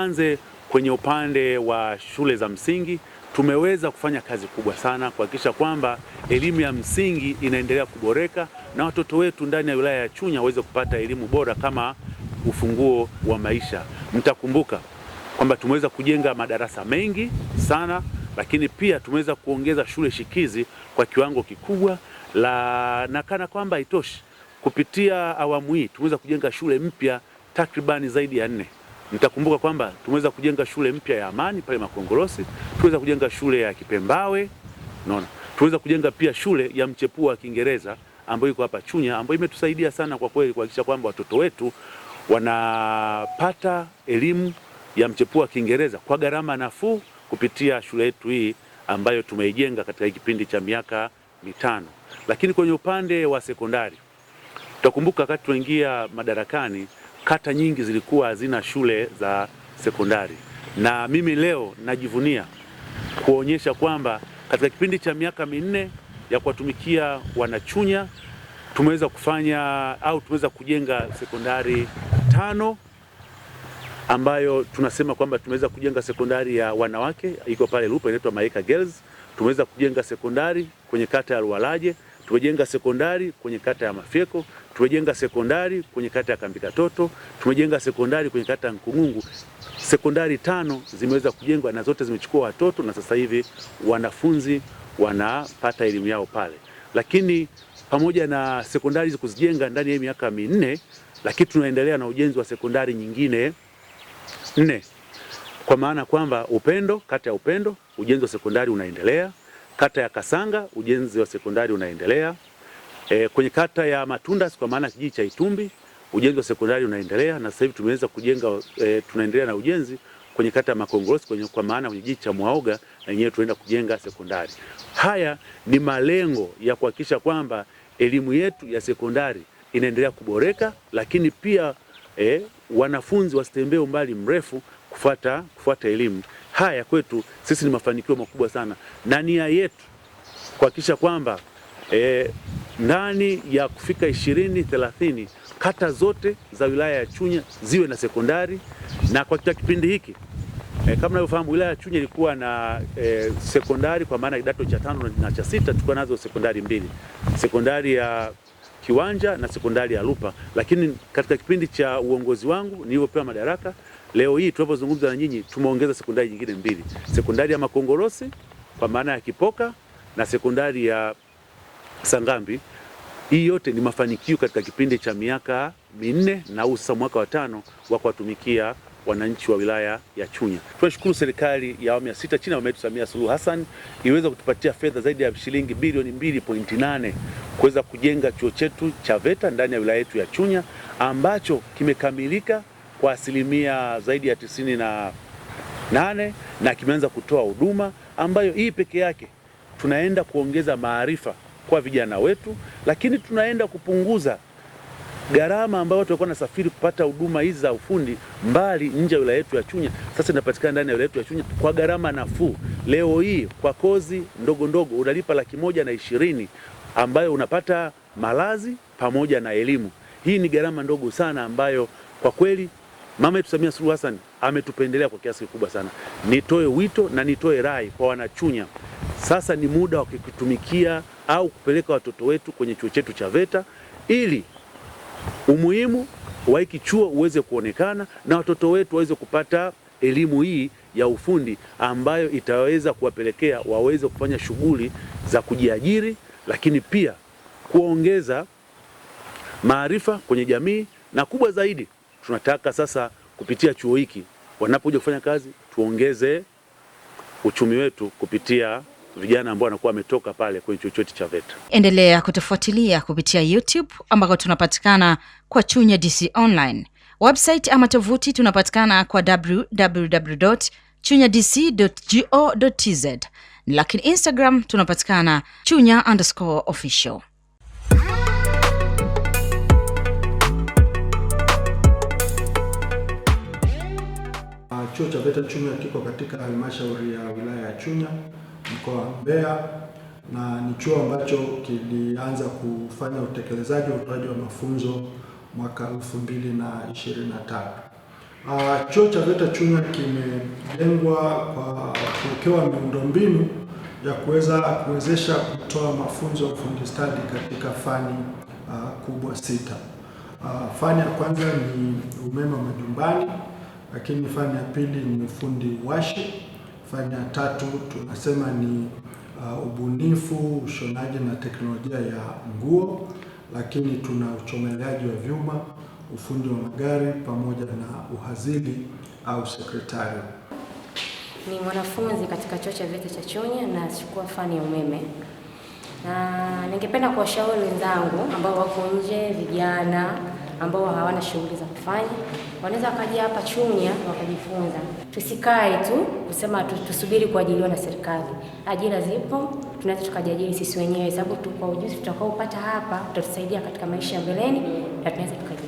nianze kwenye upande wa shule za msingi. Tumeweza kufanya kazi kubwa sana kuhakikisha kwamba elimu ya msingi inaendelea kuboreka na watoto wetu ndani ya wilaya ya Chunya waweze kupata elimu bora kama ufunguo wa maisha. Mtakumbuka kwamba tumeweza kujenga madarasa mengi sana, lakini pia tumeweza kuongeza shule shikizi kwa kiwango kikubwa la na kana kwamba itoshi, kupitia awamu hii tumeweza kujenga shule mpya takribani zaidi ya nne. Mtakumbuka kwamba tumeweza kujenga shule mpya ya Amani pale Makongorosi, tuweza kujenga shule ya Kipembawe, unaona, tuweza kujenga pia shule ya mchepuo wa Kiingereza ambayo iko hapa Chunya, ambayo imetusaidia sana kwa kweli kuhakikisha kwamba watoto wetu wanapata elimu ya mchepuo wa Kiingereza kwa gharama nafuu kupitia shule yetu hii ambayo tumeijenga katika kipindi cha miaka mitano. Lakini kwenye upande wa sekondari, tutakumbuka wakati tunaingia madarakani kata nyingi zilikuwa hazina shule za sekondari, na mimi leo najivunia kuonyesha kwamba katika kipindi cha miaka minne ya kuwatumikia wanachunya tumeweza kufanya au tumeweza kujenga sekondari tano ambayo tunasema kwamba tumeweza kujenga sekondari ya wanawake iko pale Lupa inaitwa Maeka Girls. Tumeweza kujenga sekondari kwenye kata ya Lualaje tumejenga sekondari kwenye kata ya Mafyeko, tumejenga sekondari kwenye kata ya Kambikatoto, tumejenga sekondari kwenye kata ya Nkungungu. Sekondari tano zimeweza kujengwa na zote zimechukua watoto, na sasa hivi wanafunzi wanapata elimu yao pale. Lakini pamoja na sekondari kuzijenga ndani ya miaka minne, lakini tunaendelea na ujenzi wa sekondari nyingine nne, kwa maana kwamba Upendo, kata ya Upendo, ujenzi wa sekondari unaendelea Kata ya Kasanga ujenzi wa sekondari unaendelea. E, kwenye kata ya Matunda kwa maana kijiji cha Itumbi ujenzi wa sekondari unaendelea na sasa hivi tumeweza kujenga e, tunaendelea na ujenzi kwenye kata ya Makongorosi kwenye, kwa maana kwenye kijiji cha Mwaoga na yenyewe tunaenda kujenga sekondari. Haya ni malengo ya kuhakikisha kwamba elimu yetu ya sekondari inaendelea kuboreka, lakini pia e, wanafunzi wasitembee umbali mrefu kufuata kufuata elimu haya kwetu sisi ni mafanikio makubwa sana, na nia yetu kuhakikisha kwamba e, ndani ya kufika ishirini thelathini kata zote za wilaya ya Chunya ziwe na sekondari, na kwa kipindi hiki e, kama unavyofahamu wilaya ya Chunya ilikuwa na e, sekondari kwa maana kidato cha tano na cha sita, tulikuwa nazo sekondari mbili, sekondari ya kiwanja na sekondari ya Lupa, lakini katika kipindi cha uongozi wangu nilivyopewa madaraka, leo hii tunapozungumza na nyinyi, tumeongeza sekondari nyingine mbili, sekondari ya Makongorosi kwa maana ya Kipoka na sekondari ya Sangambi. Hii yote ni mafanikio katika kipindi cha miaka minne na usa mwaka wa tano wa kuwatumikia wananchi wa wilaya ya Chunya. Tunashukuru serikali ya awamu ya sita chini ya mama yetu Samia Suluhu Hassan iweza kutupatia fedha zaidi ya shilingi bilioni 2.8 kuweza kujenga chuo chetu cha VETA ndani ya wilaya yetu ya Chunya ambacho kimekamilika kwa asilimia zaidi ya tisini na nane na kimeanza kutoa huduma ambayo hii peke yake tunaenda kuongeza maarifa kwa vijana wetu, lakini tunaenda kupunguza gharama ambayo tulikuwa nasafiri kupata huduma hizi za ufundi mbali nje ya wilaya yetu ya Chunya, sasa inapatikana ndani ya wilaya yetu ya Chunya kwa gharama nafuu. Leo hii kwa kozi ndogo ndogo unalipa laki moja na ishirini ambayo unapata malazi pamoja na elimu. Hii ni gharama ndogo sana ambayo kwa kweli mama yetu Samia Suluhu Hassan ametupendelea kwa kiasi kikubwa sana. Nitoe wito na nitoe rai kwa wanachunya, sasa ni muda wa kukitumikia au kupeleka watoto wetu kwenye chuo chetu cha VETA ili umuhimu wa hiki chuo uweze kuonekana na watoto wetu waweze kupata elimu hii ya ufundi ambayo itaweza kuwapelekea waweze kufanya shughuli za kujiajiri, lakini pia kuongeza maarifa kwenye jamii, na kubwa zaidi tunataka sasa kupitia chuo hiki wanapokuja kufanya kazi tuongeze uchumi wetu kupitia vijana ambao wanakuwa wametoka pale kwenye chochote cha VETA. Endelea kutufuatilia kupitia YouTube ambako tunapatikana kwa Chunya DC Online website ama tovuti, tunapatikana kwa www chunya dc go tz, lakini Instagram tunapatikana chunya underscore official. Ah, chuo cha VETA Chunya kiko katika halmashauri ya wilaya ya Chunya mkoa wa Mbeya na ni chuo ambacho kilianza kufanya utekelezaji wa utoaji wa mafunzo mwaka 2023. Uh, ah, chuo cha VETA Chunya kimejengwa kwa kuwekewa miundombinu ya kuweza kuwezesha kutoa mafunzo ya ufundi stadi katika fani uh, kubwa sita. Uh, fani ya kwanza ni umeme wa majumbani, lakini fani ya pili ni ufundi washi Faida ya tatu tunasema ni uh, ubunifu, ushonaji na teknolojia ya nguo, lakini tuna uchomeleaji wa vyuma, ufundi wa magari pamoja na uhazili au sekretari. Ni mwanafunzi katika chuo cha VETA cha Chunya na nachukua fani ya umeme, na ningependa kuwashauri wenzangu ambao wako nje, vijana ambao hawana shughuli za kufanya, wanaweza wakaja hapa Chunya wakajifunza. Tusikae tu kusema tusubiri kuajiliwa na serikali. Ajira zipo, tunaweza tukajiajiri sisi wenyewe, sababu kwa ujuzi upata hapa utatusaidia katika maisha ya mbeleni na tunaweza